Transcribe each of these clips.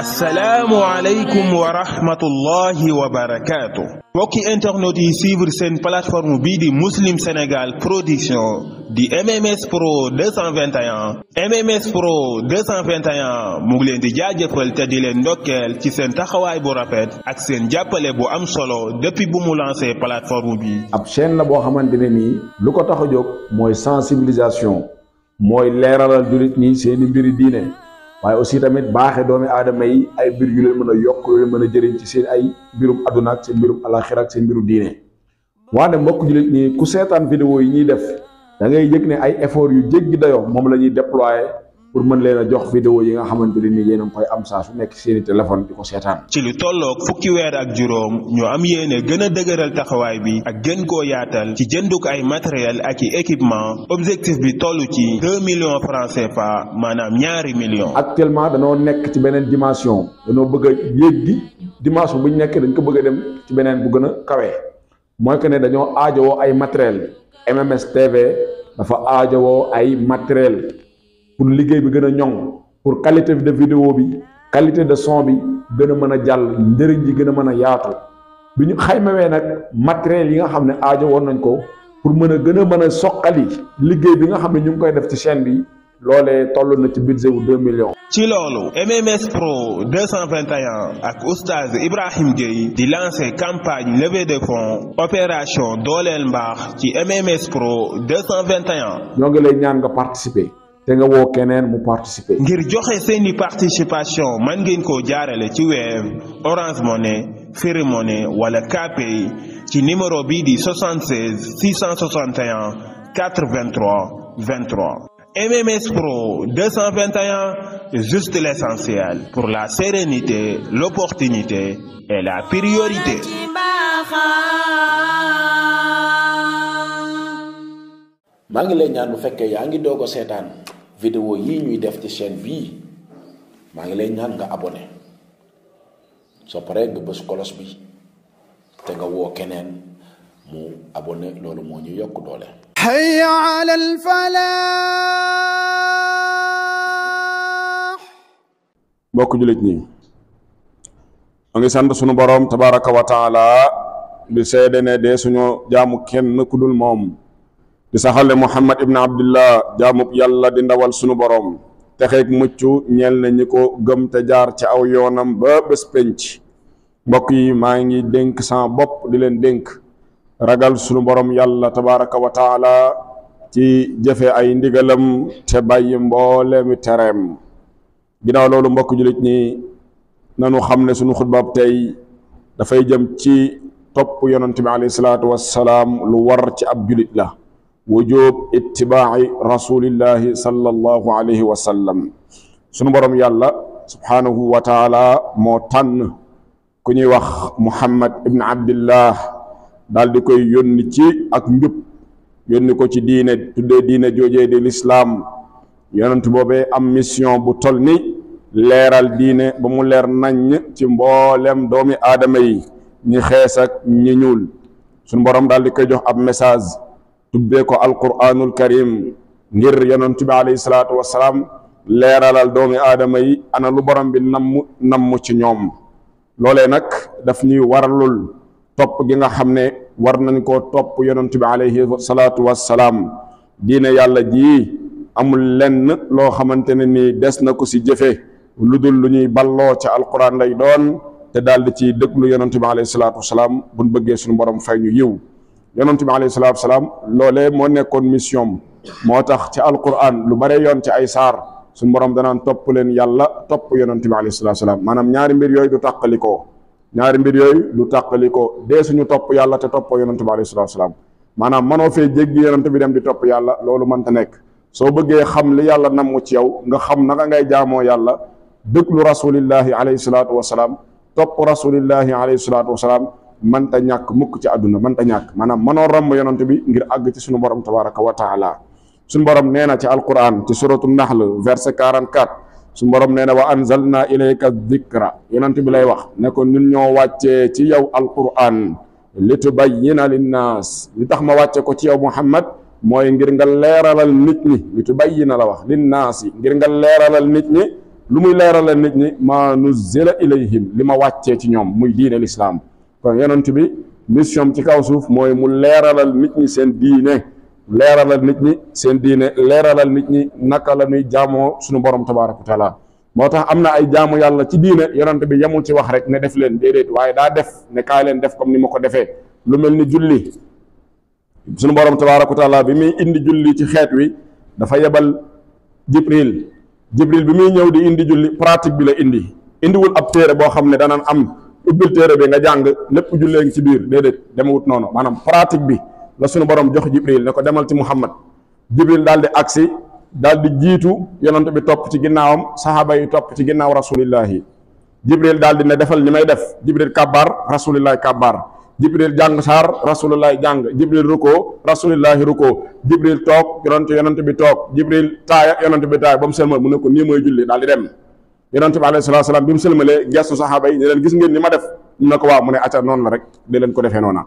assalaamu aleykum wa rahmatullahi wa barakaatu mbokki internet yi suivre seen plateforme bii di muslim sénégal production di mms pro 221 mms pro 221 mu ngi leen di jaajëfal te di leen ndokkeel ci seen taxawaay bu rafet ak seen jàppale bu am solo depuis bu mu lancé plateforme bi ab chaîne la boo xamante ne nii lu ko tax a jóg mooy sensibilisation mooy leeralal julit ñi seeni mbiri diine waaye aussi tamit baaxe doomi aadama yi ay mbir yu leen mën a yokk yu leen mën a jëriñ ci seen ay mbirum adduna seen mbirum alaxira ak seen mbiru diine waane mbokk jullit nii ku seetaan vidéo yi ñuy def da ngay yëg ne ay effort yu jéggi dayo moom la ñuy déployer pour mën leen a jox vidéo yi nga xamante ne ni yéen koy am saa su nekk seeni téléphone bi ko seetaan. ci lu tolloog fukki weer ak juróom ñu am yéene gën a dëgëral taxawaay bi ak gën koo yaatal ci jënduk ay matériel ak i équipement objectif bi toll ci deux millions francs CFA maanaam ñaari millions. actuellement danoo nekk ci beneen dimension danoo bëgg a yéeg dimension bu ñu nekk dañ ko bëgg a dem ci beneen bu gën a kawee mooy que ne dañoo aajowoo ay matériel MMS TV dafa aajowoo ay matériel pour liggéey bi gën a ñoŋ pour qualité de vidéo bi qualité de son bi gën a mën a jàll njëriñ yi gën a mën a yaatu bi ñu xaymawee nag matériel yi nga xam ne aajo woon nañ ko pour mën a gën a mën a soqali liggéey bi nga xam ne ñu ngi koy def ci chaîne bi loole toll na ci budget wu 2 millions. ci loolu MMS Pro 221 ak oustaz Ibrahim Gueye di lancer campagne levée de fonds opération dooleel mbaax ci MMS Pro 221. ñoo ngi lay ñaan nga participer. te nga mu participer. ngir participation man ngeen ko jaarale ci Orange Money Free Money wala Kpay ci numéro bi di 76 661 83 23. MMS Pro 221 juste l'essentiel pour la sérénité l'opportunité et la priorité. maa ngi lay ñaan bu fekkee yaa ngi doog a seetaan vidéo yii ñuy def ci chaîne bii maa ngi lay ñaan nga abonné soo paree nga bës kolos bi te nga woo keneen mu abonné loolu moo ñu yokk doole hayya ala al jullit ñi ma ngi sant sunu borom tabaraka wa taala bi ne dee suñu jaamu kenn ku dul moom di saxal ne Muhammad ibn Abdillah jaamub yàlla di ndawal sunu boroom texeeg mucc ñeel na ñi ko gëm te jaar ci aw yoonam ba bés penc mbokk yi maa ngi dénk sama bopp di leen dénk ragal sunu borom yàlla tabaraka wa taala ci jëfe ay ndigalam te bàyyi mbooleemi tereem ginnaaw loolu mbokk jullit ñi nanu xam ne sunu xutbaab tey dafay jëm ci topp yonante bi alayhi wassalaam lu war ci ab jullit la وجوب اتباع رسول الله صلى الله عليه وسلم سونو بروم يالا سبحانه وتعالى موتان تان كوني واخ محمد ابن عبد الله دال ديكوي يوني تي اك نيب يوني كو تي دين تودي دين جوجي دي الاسلام يونت بوبي ام ميسيون بو تولني ليرال دين بمو لير ناني تي مبولم دومي ادمي ني خيس اك ني نيول سونو بروم دال ديكوي جوخ اب ميساج tubbee ko alquranul karim ngir yonent bi alayhi salaatu wasalaam leeralal doomi aadama yi ana lu borom bi namm namm ci ñoom loolee nag daf ñuy warlul top gi nga xam ne war nañ koo topp yonent bi alayhi salaatu wasalaam diine yàlla jii amul lenn loo xamante ne des na ko jëfe lu dul lu ñuy balloo ca alquran lay doon te daal di ci déglu yonent bi alayhi salaatu wasalaam buñ bëggee suñu borom fay ñu yiw yonantu bi alayhi salatu wassalam lolé mo nekkon mission motax ci alquran lu bare yon ci ay sar sun borom nan top len yalla top yonantu bi alayhi salatu wassalam manam ñaari mbir yoy du takaliko ñaari mbir yoy du takaliko de suñu top yalla te top yonantu bi alayhi salatu wasalaam maanaam manoo fee jéggi yonantu bi dem di yalla lolou man ta nek so beugé xam li yalla namu ci yow nga xam naka ngay jamo yalla déglu rasulillahi alayhi salatu wassalam top rasulillahi alayhi salatu wassalam mënta ñàkk mukk ci àdduna mënta ñàkk maanaam mënoo romb yonent bi ngir àgg ci sunu borom tabaraka wa taala sunu borom nee na ci alquran ci suratu nahl verset 44 sunu borom nee na wa anzalna ilayka dikra yonent bi lay wax ne ko ñun ñoo wàccee ci yow alquran li tubayyina linnaas li tax ma wàcce ko ci yow muhammad mooy ngir nga leeralal nit ñi li tubayyina la wax linnaas yi ngir nga leeralal nit ñi lu muy leeralal nit ñi ma nuzila ilayhim li ma wàccee ci ñoom muy diine lislaam kon yonent bi mission ci kaw suuf moy mu leralal nit ñi seen diine leralal nit ñi seen diine leralal nit ñi naka la ñuy jamo suñu borom tabaaraku taala motax amna ay jaamu yàlla ci diine yonent bi yamul ci wax rek ne def leen dedet waye da def ne kaay leen def comme ni mako defé lu melni julli suñu borom tabaaraku taala bi mi indi julli ci xet wi dafa yebal jibril jibril bi mi ñëw di indi julli pratique bi la indi indi wul ab téré bo xamne da nan am ubbil téere bi nga jàng lépp jullee ngi ci biir déedéet demawut noonu maanaam pratique bi la suñu borom jox jibril ne ko demal ci muhammad jibril daal di agsi daal di jiitu yonent bi topp ci ginnaawam sahaaba yi topp ci ginnaaw rasulillahi jibril daal di ne defal ni may def jibril kabbar rasulillahi kabbar jibril jàng saar rasulillahi jàng jibril ruko rasulillahi ruko jibril toog yonent yonent bi toog jibril taaya yonent bi taaya ba mu seen ma mu ne ko nii mooy di dem yonent bi alayhi salaatu salaam bi mu sëlmalee gestu saxaaba yi gis ngeen ni def mu ne ko waaw mu ne aca noonu leen ko defee noona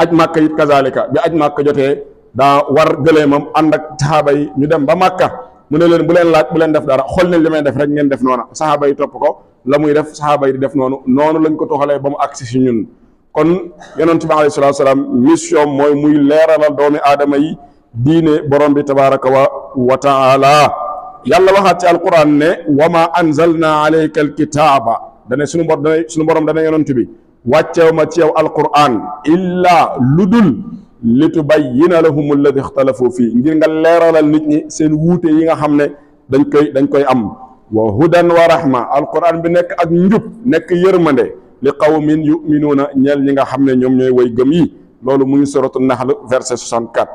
aj màkka it kazalika bi aj màkka jotee daa war gëleemam ànd ak saxaaba yi ñu dem ba màkka mu ne leen bu leen laaj bu leen def dara xool nañ li may def rek ngeen def noona saxaaba yi topp ko la muy def saxaaba yi di def noonu noonu lañ ko toxalee ba mu agsi si ñun kon yonent bi alayhi salaatu salaam mission mooy muy leeralal doomi adama yi diine borom bi tabaraka wa wa taala yàlla waxaat ci alquran ne wa ma anzalna alayka alkitaaba dane suñu bor dane suñu borom dane yonent bi wàccew ma ci yow alquran illaa lu dul li tubayyina lahum alladi ixtalafu fii ngir nga leeralal nit ñi seen wuute yi nga xam dañ koy dañ koy am wa hudan wa rahma alquran bi nekk ak njub nekk yërmande li qawmin yuminuuna ñeel ñi nga xam ne ñoom ñooy way gëm yi loolu mu ngi suratu verset 64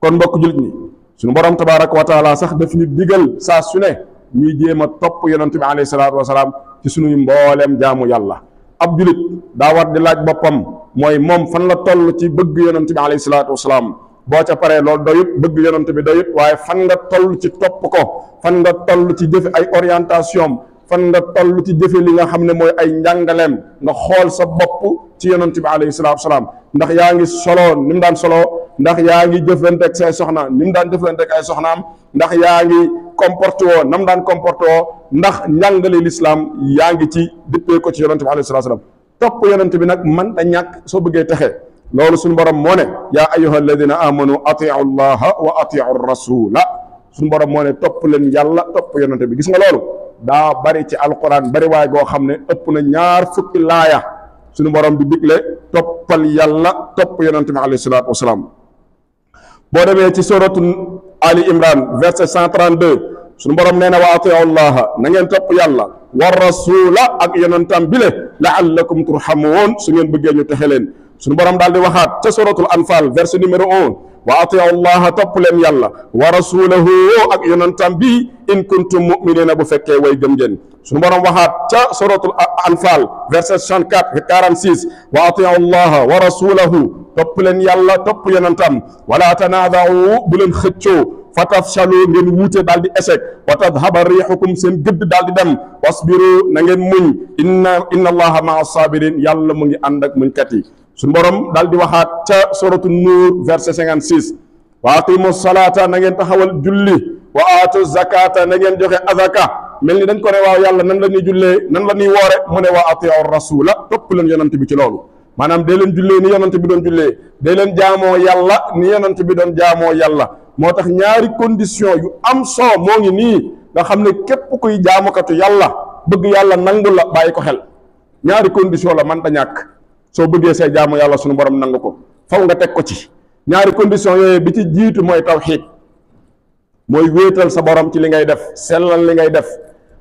kon mbokk jullit ñi suñu borom tabaaraka wa taala sax daf ñu digal saa su ne ñuy jéem a topp yonent bi alayhi salaatu wa salaam ci suñuy mbooleem jaamu yàlla ab julit daa war di laaj boppam mooy moom fan la toll ci bëgg yonent bi alayhi salaatu wa salaam boo ca paree loolu doyut bëgg yonent bi doyut waaye fan nga toll ci topp ko fan nga toll ci jëfe ay orientations fan nga toll ci jëfe li nga xam ne mooy ay njàngaleem nga xool sa bopp ci yonent bi alayhi salaatu salaam ndax yaa ngi soloo ni mu daan solo ndax yaa ngi jëflanteeg say soxna ni mu daan jëflanteeg ay soxnaam ndax yaa ngi comporté woo na mu daan comporté wo ndax njàngale lislaam yaa ngi ci dippee ko ci yonent bi alayhi topp yonent bi nag man da ñàkk soo bëggee texe loolu suñu borom moo ne yaa ayuha alladina amanu atiu llaha wa atiu rasula suñu borom moo ne topp leen yàlla topp yonent bi gis nga loolu daa bari ci alquran bari waay goo xam ne ëpp na ñaar fukki laaya suñu borom di digle toppal yàlla topp yonente bi alayhi salaatu wasalaam boo demee ci suratu ali imran verset 132 suñu borom nee na wa atiu llaha na ngeen topp yàlla wa rasula ak yonentam bile laallakum turhamuun su ngeen bëggee ñu texe leen suñu borom daal di waxaat ca suratul anfal verset numéro 1 wa atiu llaha topp leen yàlla wa rasulahu ak yonantam bi in kuntum muminina bu fekkee way gëm ngeen suñu borom waxaat ca suratul anfal verset 64 46 wa atiu llaha wa rasulahu topp leen yàlla topp yonantam wala tanaadaw bu leen xëccoo fa tafshalu ngeen wuute daal di échec wa tadhaba riixukum seen gëdd daal di dem wasbiru na ngeen muñ inna inna allaha maa sabirin yàlla mu ngi ànd ak muñkat yi suñu borom daal di waxaat ca suratu nuur verset cinquante six wa aqimu salaata na ngeen taxawal julli wa aatu zakata na ngeen joxe azaka mel ni dañ ko ne waaw yàlla nan la ñuy jullee nan la ñuy woore mu ne wa atiu rasula topp leen yonante bi ci loolu maanaam dee leen jullee ni yonante bi doon jullee dee leen jaamoo yàlla ni yonante bi doon jaamoo yàlla moo tax ñaari condition yu am soo moo ngi nii nga xam ne képp koy jaamukatu yàlla bëgg yàlla nangu la bàyyi ko xel ñaari condition la man ta ñàkk soo bëggee say jaamu yàlla sunu borom nangu ko faw nga teg ko ci ñaari condition yooyu bi ci jiitu mooy tawxiid mooy wéetal sa borom ci li ngay def sellal li ngay def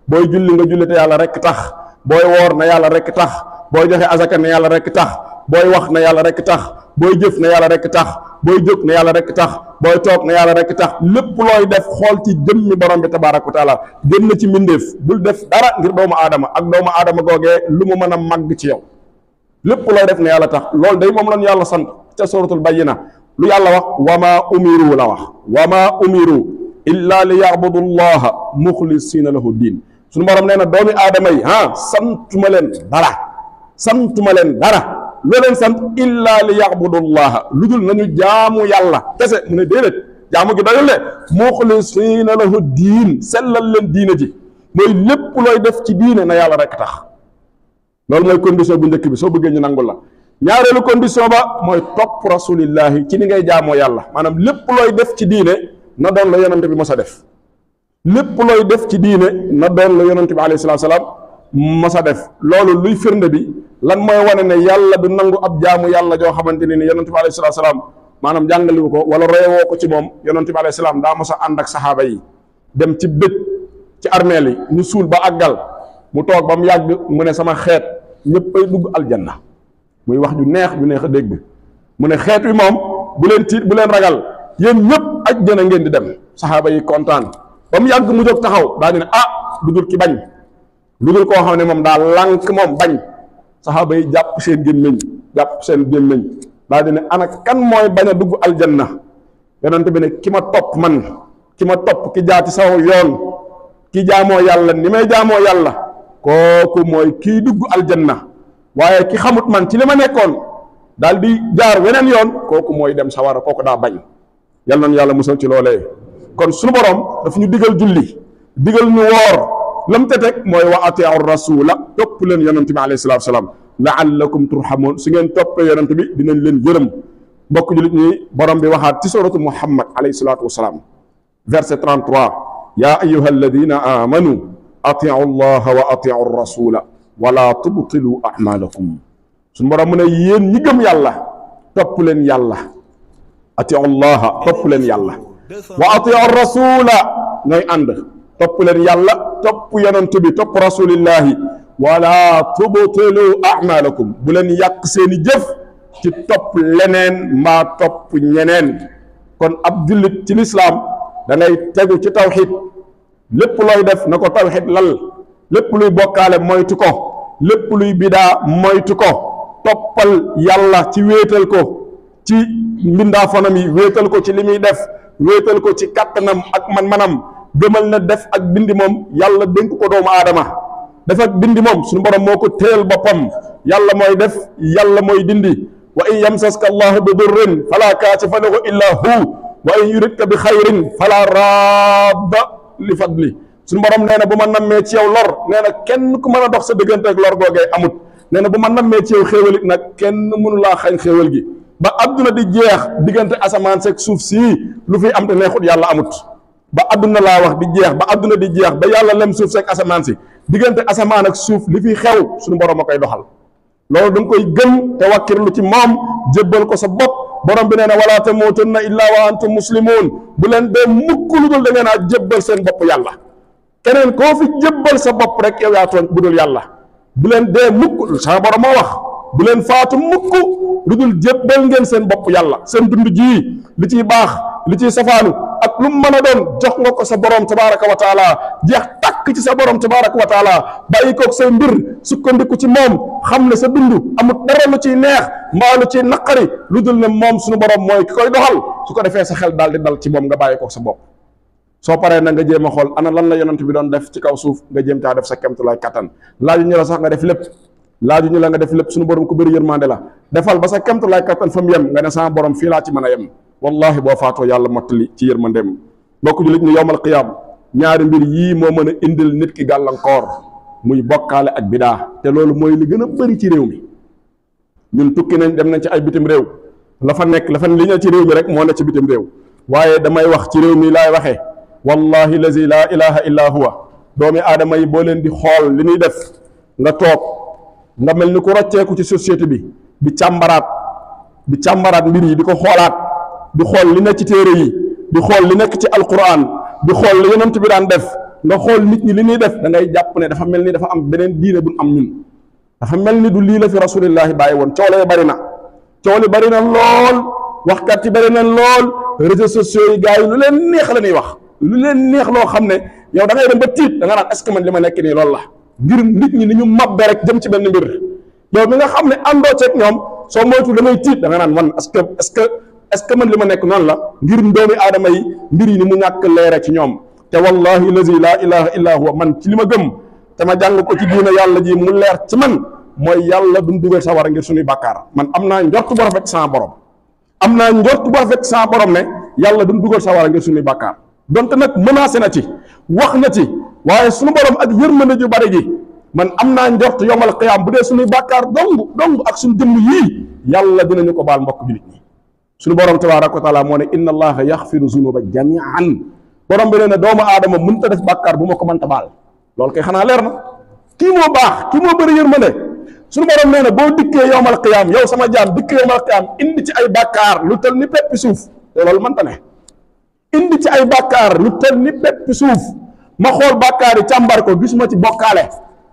booy julli nga julli te yàlla rekk tax booy woor na yàlla rekk tax booy joxe asaka na yàlla rekk tax booy wax na yàlla rekk tax booy jëf na yàlla rekk tax booy jóg yàlla rekk tax booy toog na yàlla rekk tax lépp looy def xool ci jëmmi borom bi tabaaraka wa taala génn ci mbindéef bul def dara ngir doomu aadama ak doomu aadama googee lu mu mën a màgg ci yow lépp looy def ne yàlla tax lol day mom lañu yàlla sant ci suratul bayyina lu yàlla wax wama umiru la wax wama umiru illa li yabudu allaha mukhlisina lahu din suñu borom neena doomi adamay ha santuma len dara santuma len dara lo len sant illa li yabudu allaha lu nañu jaamu yàlla kese mu ne déedéet jaamu gi doyul le mukhlisina lahu din sellal len diine ji mooy lépp loy def ci diine na yàlla rek tax loolu mooy condition bu njëkk bi soo buggee ñu nangul la ñaareelu condition ba mooy topp rasulillahi ci ni ngay jaamoo yàlla maanaam lépp looy def ci diine na doon la yonante bi mos a def lépp looy def ci diine na doon la yonante bi alayhi salaam mos a def loolu luy firnde bi lan mooy wane ne yàlla du nangu ab jaamu yàlla joo xamante ne ni yonante bi alayhi salaam maanaam jàngaliwu ko wala royewoo ko ci moom yonante bi alayhi salaam daa mos sa ànd ak saxaaba yi dem ci dëj ci armeel yi ñu suul ba ak gal mu toog ba mu yàgg mu ne sama xeet ñëppay dugg aljanna muy wax ju neex ju neex a dégg mu ne xeet wi moom bu leen tiit bu leen ragal yéen ñëpp ajjana ngeen di dem saxaaba yi kontaan ba mu yàgg mu jóg taxaw daa di ne ah lu dul ki bañ lu dul koo xam ne moom daa lànk moom bañ saxaaba yi jàpp seen gémmiñ jàpp seen gémmiñ daa di ne kan mooy bañ a dugg aljanna yonent bi ne ki ma topp man ki ma topp ki jaati saw yoon ki jaamoo yàlla ni may jaamoo yàlla koku moy ki dugg aljanna waye ki xamut man ci lima nekkon daldi jaar wenen yon koku moy dem sawara koku da bañ yal yalla musal ci lolé kon sunu borom daf ñu digal julli digal ñu wor lam te teg mooy wa atiu rasul top leen yonent bi alayhi salatu salaam laallakum turhamun su ngeen top yonent bi dinañ leen yërëm mbokk julit ñi borom bi waxat ci suratu muhammad alayhi salatu wasalaam verset 33 ya ayyuhalladhina amanu ati'u Allah wa ati'u Rasul wa la tubtilu a'malakum sun borom ne yeen ñi gem yalla top leen yalla ati'u Allah top leen yalla wa ati'u Rasul ngay and top leen yalla top yonent bi top rasulillah wa la tubtilu a'malakum bu leen yak seeni jëf ci top leneen ma top ñeneen kon abdul ci l'islam da ngay teggu ci tawhid lépp looy def na ko tawxid lal lépp luy bokkaale moytu ko lépp luy bidaa moytu ko toppal yàlla ci wéetal ko ci mbindaa fanam yi wéetal ko ci li muy def wéetal ko ci kàttanam ak man-manam gëmal na def ak bindi moom yàlla dénk ko doomu aadama def ak bindi moom suñu borom moo ko téyel boppam yàlla mooy def yàlla mooy dindi wa in yamsaska allahu bi durrin fala kaashifa lahu illa hu wa in yuridka bi xayrin fala raadda li fadli sun borom neena buma namme ci yow lor neena kenn ku meuna dox sa deugante ak lor amut neena na namme ci yow xéewal nak kenn munu la xagn gi ba aduna di jeex digante asaman sek suuf si lu fi am te neexut yalla amut ba aduna la wax di jeex ba aduna di jeex ba yalla lem suuf sek asaman si digante asaman ak suuf li fi xew sun borom a doxal lolou dang koy gem te lu ci mom ko sa bop borom bi nee na moo tamuutunna illaa wa antum muslimuun bu leen dee mukk lu dul da ngeen a jébbal seen bopp yàlla keneen koo fi jébbal sa bopp rek yow yaa tooñ bu dul yàlla bu leen dee mukk sa borom moo wax bu leen faatu mukk lu dul jébbal ngeen seen bopp yàlla seen dund jii li ciy baax li ciy safaanu ak lu meuna a doon jox nga ko sa borom tabaraka wa taala jeex tak ci sa borom tabaraka wa taala mom ak say mbir sukkandiku ci mom xamne sa dundu amut dara lu ci neex ma lu ci nakari lu dul ne moom suñu borom moy ki koy doxal su ko sa xel dal di dal ci mom nga bayiko ak sa bopp so paree na nga jema xol ana lan la yonent bi doon def ci kaw suuf nga jéem ta def sa lay katan laaju ñu la sax nga def lepp laaju ñu la nga def lepp suñu borom ku beuri yermande la defal ba sa kemtu lay katan fam yam nga ne sama borom fi la ci yam wallahi boo faatoo yàlla mottali ci yërmandeem bokk jullit ñu yowmal qiyaam ñaari mbir yii moo mën a indil nit ki gàllankoor muy bokkaale ak bidaa te loolu mooy li gën a bëri ci réew mi ñun tukki nañ dem nañ ci ay bitim réew la fa nekk la fa li ñu ci réew mi rek moo ne ci bitim réew waaye damay wax ci réew mi laay waxee wallahi lazi laa ilaha illa huwa doomi aadama yi boo leen di xool li ñuy def nga toog nga mel ni ku rocceeku ci société bi di càmbaraat di di xool li nekk ci téere yi di xool li nekk ci alquran di xool li yonent bi daan def nga xool nit ñi li ñuy def da ngay jàpp ne dafa mel ni dafa am beneen diine bu am ñun dafa mel ni du lii la fi rasulillahi bàyyi woon coow la bari na coow li bari na lool waxkat yi bari na lool réseaux sociaux yi gars yi lu leen neex la ñuy wax lu leen neex loo xam ne yow da ngay dem ba tiit da nga naan est-ce que man li ma nekk nii loolu la ngir nit ñi ni ñu mabbe rek jëm ci benn mbir yow mi nga xam ne àndoo ceeg ñoom soo moytu da ngay tiit da nga naan man est-ce que est-ce que est que man li ma nekk noonu la ngir doomi aadama yi mbir yi ni mu ñàkk leere ci ñoom te wallahi lazi laa ilaha illa huwa man ci li ma gëm te ma jàng ko ci diina yàlla jii mu leer ci man mooy yàlla duñ dugal sawara ngir suñuy bàkkaar man am naa njort bu rafet sans borom am naa njort bu rafet sans borom ne yàlla duñ dugal sawara ngir suñuy bàkkaar donte nag menacé na ci wax na ci waaye suñu borom ak yërmande ju bari ji man am naa njort yomal qiyaam bu dee suñuy bàkkaar dong dong ak suñu jëmm yii yàlla dinañu ko baal mbokk bi suñu borom tabaaraka wa taala moo ne inna allaha yaxfiru zunuba jamian borom bi nee na doomu aadama mënta def bàkkaar bu ma ko mënta baal loolu kay xanaa leer na kii moo baax kii moo bëri yërmande suñu borom nee na boo dikkee yowmal qiyaam yow sama jaam dikkee yowmal qiyaam indi ci ay bàkkaar lu tel ni peppi suuf te loolu mënta ne indi ci ay bàkkaar lu tel ni peppi suuf ma xool bàkkaar yi càmbar ko gis ma ci bokkaale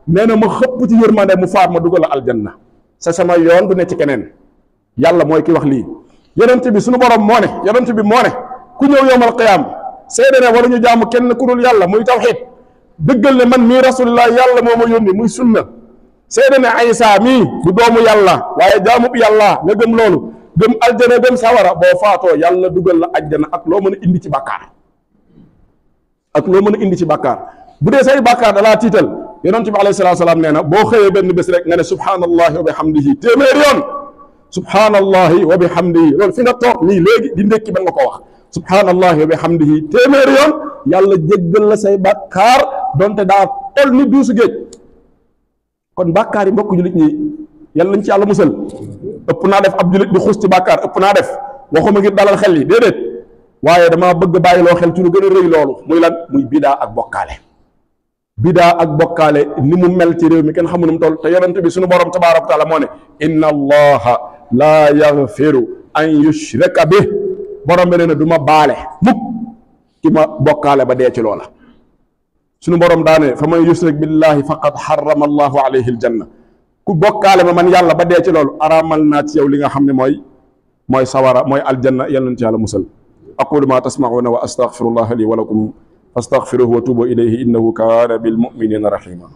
nee na ma xëpp ci yërmande mu faar ma dugal aljanna sa sama yoon du ne ci keneen yàlla mooy ki wax lii yonent bi suñu borom moo ne yonent bi moo ne ku ñëw yowmal qiyaam seede ne waruñu jaamu kenn ku dul yàlla muy tawxiid dëggal ne man mii rasulullah yàlla moo ma yónni muy sunna seede ne ay mii du doomu yàlla waaye jaamu yàlla nga gëm loolu gëm aljana gëm sawara boo faatoo yàlla dugal la aljana ak loo mën a indi ci bàkkaar ak loo mën a indi ci bàkkaar bu dee say bàkkaar dalaa tiital yonent bi alayhi salaatu salaam nee na boo xëyee benn bés rek nga ne subhaanallahi wa subhanallahi wa bihamdihi loolu fi nga toog nii léegi di ndékki mën nga ko wax subhanallahi wa bihamdihi téeméeri yoon yàlla jéggal la say bàkkaar donte daa tol ni duusu géej kon bàkkaar yi mbokk julit ñi yàlla nañ ci yàlla musal ëpp naa def ab julit di xus ci bàkkaar ëpp naa def waxuma ngir dalal xel yi déedéet waaye damaa bëgg bàyyiloo xel ci lu gën a rëy loolu muy lan muy bidaa ak bokkaale bidaa ak bokkaale ni mu mel ci réew mi kenn xamu nu mu toll te yonent bi suñu borom tabaaraka wa taala moo ne inna allaha لا يغفر ان يشرك به بروم رينا دوما بالي موك كيما بوكال با ديتي لولا سونو بروم داني فما يشرك بالله فقد حرم الله عليه الجنه كو بوكال ما من يالا با ديتي لولو ارامل نات ليغا خامني موي موي سوارا موي الجنه يالا نتي يالا مسل اقول ما تسمعون واستغفر الله لي ولكم فاستغفروه وتوبوا اليه انه كان بالمؤمنين رحيما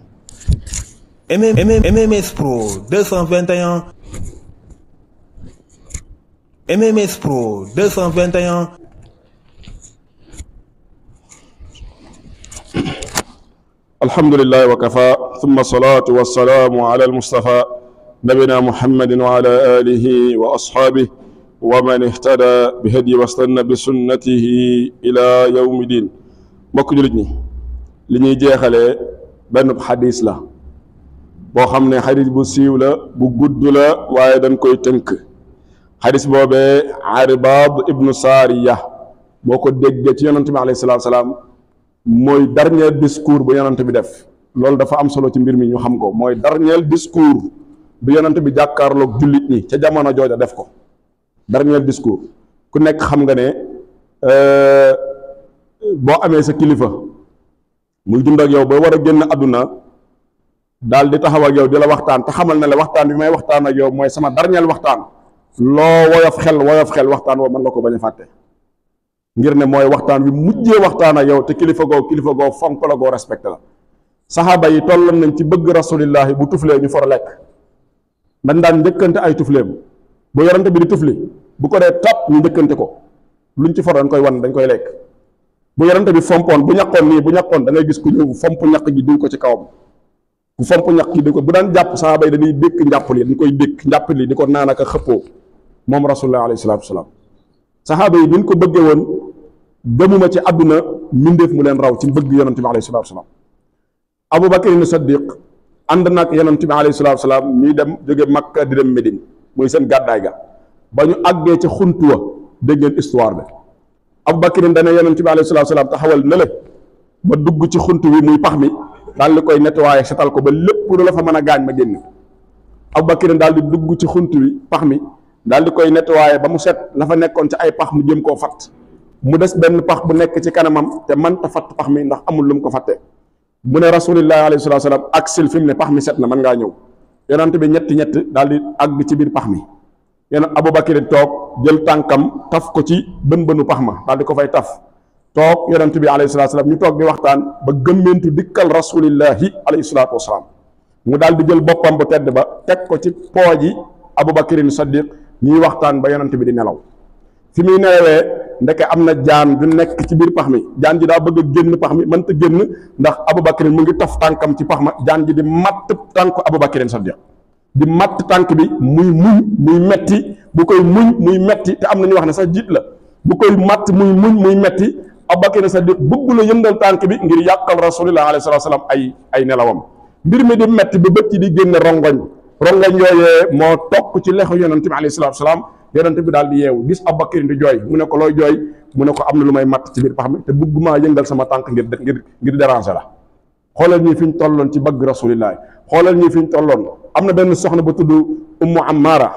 ام ام 221 MMS Pro 221 الحمد لله وكفى ثم الصلاة والسلام على المصطفى نبينا محمد وعلى آله وأصحابه ومن اهتدى بهدي واستنى بسنته إلى يوم الدين mbokk julit لني li ñuy jeexalee benn لا la حديث xam ne xadis bu siiw la xadis boobee Arbaad ibnu Saariya boo ko déggee ci yonante bi alayhi salaatu salaam mooy dernier discours bu yonante bi def loolu dafa am solo ci mbir mi ñu xam ko mooy dernier discours bu yonante bi jàkkaarlook jullit ñi ca jamono jooja def ko dernier discours ku nekk xam nga ne euh, boo amee sa kilifa muy dund ak yow ba war a génn àdduna daal di taxaw ak yow di la waxtaan te xamal na la waxtaan bi may waxtaan ak yow mooy sama dernier waxtaan. loo woyof xel woyof xel waxtaan woo mën nga ko bañ a fàtte ngir ne mooy waxtaan wi mujjee waxtaan ak yow te kilifa goo kilifa goo fonk la goo respecté la saxaaba yi tolloon nañ ci bëgg rasulillahi bu tuflee ñu for lekk dañ daan njëkkante ay tufleem bu yorante bi di tufli bu ko dee topp ñu njëkkante ko luñ ci for dañ koy wan dañ koy lekk bu yorante bi fompoon bu ñaqoon nii bu ñaqoon da gis ku ñëw fomp ñaq gi diw ko ci kawam ku fomp ñaq gi di ko bu daan jàpp saxaaba yi dañuy dékk njàpp li dañ koy dékk njàpp li di ko naan ak a moom rasulullah alayhi salaatu salaam saxaaba yi bi ñu ko bëggee woon gëmuma ci àdduna mbindeef mu leen raw ci bëgg yonante bi alayhi salaatu salaam aboubacarin saddiq ànd nag yonante bi alayhi salaatu salaam ñuy dem jóge Makka di dem Médine muy seen gàddaay ga ba ñu àggee ca xuntu wa dégg ngeen histoire bi aboubacarin dana yonante bi alayhi salaatu salaam taxawal ne le ba dugg ci xuntu wi muy pax mi daal di koy nettoyé setal ko ba lépp lu la fa mën a gaañ ma génn aboubacarin daal di dugg ci xuntu wi pax mi daal di koy nettoyé ba mu set la fa nekkoon ci ay pax mu jëm koo fatt mu des benn pax bu nekk ci kanamam te mënta fatt pax mi ndax amul lu mu ko fatte mu ne rasulillahi alayhi salatu wasalam ak sil mu ne pax mi set na mën ngaa ñëw yonent bi ñetti ñett daal di àgg ci biir pax mi yéen Abubakar toog jël tànkam taf ko ci bën bënu pax ma daal di ko fay taf toog yonent bi alayhi salatu wasalam ñu toog di waxtaan ba gëmmentu dikkal rasulillahi alayhi salatu wasalam mu daal di jël boppam bu tedd ba teg ko ci pooji Abubakarin Saddiq ñuy waxtaan ba yonent bi di nelaw fi muy nelawee ndeke am na jaan ju nekk ci biir pax mi jaan ji daa bëgg génn pax mi mënta génn ndax abu Abubakar mu ngi taf tànkam ci pax ma jaan ji di matt tànku Abubakar Saddiq di matt tànk bi muy muñ muy metti bu koy muñ muy metti te am na ñu wax ne sax jiit la bu koy matt muy muñ muy metti Abubakar Saddiq bëgg la yëndal tànk bi ngir yàqal rasulillah alayhi salaam ay ay nelawam mbir mi di metti ba bët yi di génn rongoñ la ñoyé mo topp ci lexu yonente bi alayhi salatu salaam yonente bi dal di yeewu gis abakir di joy mu ne ko loy joy mu ne ko am na lu may matt ci bir pax te bëggumaa yëngal sama tank ngir ngir ngir déranger la xolal ñi fiñ tollon ci bëgg rasulillah xolal ñi fiñ tollon amna am benn soxna ba tuddu ummu ammara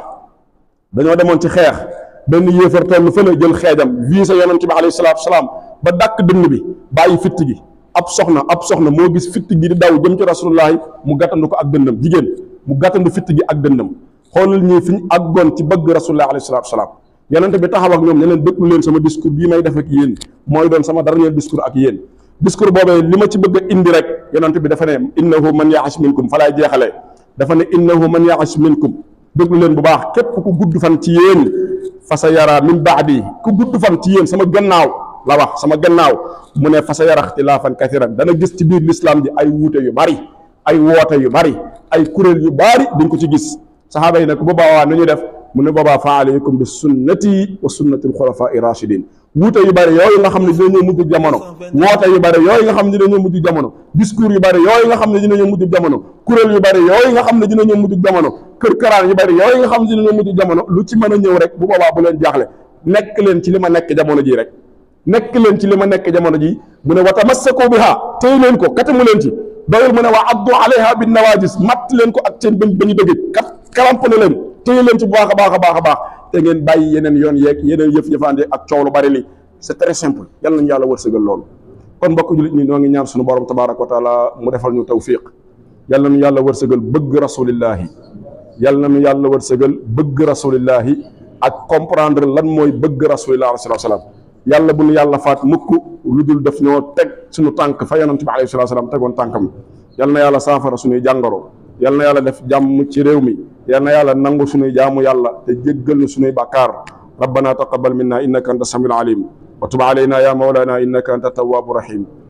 dañu demoon ci xex benn yéefar tollu fele jël xéjam vii sa yonente bi alayhi salatu salaam ba dak dënn bi bayyi fitti gi ab soxna ab soxna moo gis fitt gi di daw jëm ci rasulullah mu gàttandu ko ak dëndam jigéen mu gàttandu fitt gi ak dëndam xoolal ñii fi ak àggoon ci bëgg rasulullah alayhi salaatu salaam yonente bi taxaw ak ñoom ne leen déglu leen sama discours bii may def ak yéen mooy doon sama dernier discours ak yéen discours boobee li ma ci bëgg a indi rek yonente bi dafa ne innahu man yaash minkum fa laay jeexalee dafa ne innahu man yaash minkum déglu leen bu baax képp ku gudd fan ci yéen fa sa yara min baadi ku gudd fan ci yéen sama gannaaw la wax sama gannaaw mu ne fa sa yara ixtilaafan kathiran dana gis ci bir l'islam di ay wuute yu bari ay wote yu bari ay kurel yu bari dañ ko ci gis sahaba yi nak bu boobaa nu ñu def mu ne baba fa alaykum bis sunnati wa sunnati alxulafai rachidin wuute yu bari yoy nga xamni dañu muddu jamono wote yu bari yoy nga xamni dañu muddu jamono discours yu bari yoy nga xamni dañu muddu jamono kurel yu bari yoy nga xamni dañu muddu jamono kër karaan yu bari yoy nga xamni dañu muddu jamono lu ci mën ñëw rek bu boobaa bu len jaxle nek len ci lima nek jamono ji rek nekk leen ci li ma nekk jamono ji mu ne wa tamassaku biha téy leen ko katamu leen ci doyul mu wa addu alayha bin nawaajis matt leen ko ak seen bañ bañu dëgg kat karampane leen téy leen ci bu baax a baax a baax te ngeen bàyyi yeneen yoon yeeg yeneen yëf yëfande ak coow bari li c'est très simple yàlla nañu yàlla wërsëgal loolu kon mbokk jullit ñi noo ngi ñaan suñu borom tabaraka wa taala mu defal ñu tawfiq yàlla nañu yàlla wërsëgal bëgg rasulillahi yàlla nañu yàlla wërsëgal bëgg rasulillahi ak comprendre lan mooy bëgg rasulillahi alayhi salaam yàlla bu nu yàlla faat mukk lu dul def ñoo teg suñu tànk fa yonent bi alayhi salaatu salaam tegoon tànkam yal na yàlla saafara suñuy jàngoro yal na yàlla def jàmm ci réew mi yal na yàlla nangu suñuy jaamu yàlla te jéggal nu suñuy rabbana taqabbal minna innaka anta samiul alim wa tub alayna ya mawlana innaka anta tawwabu rahim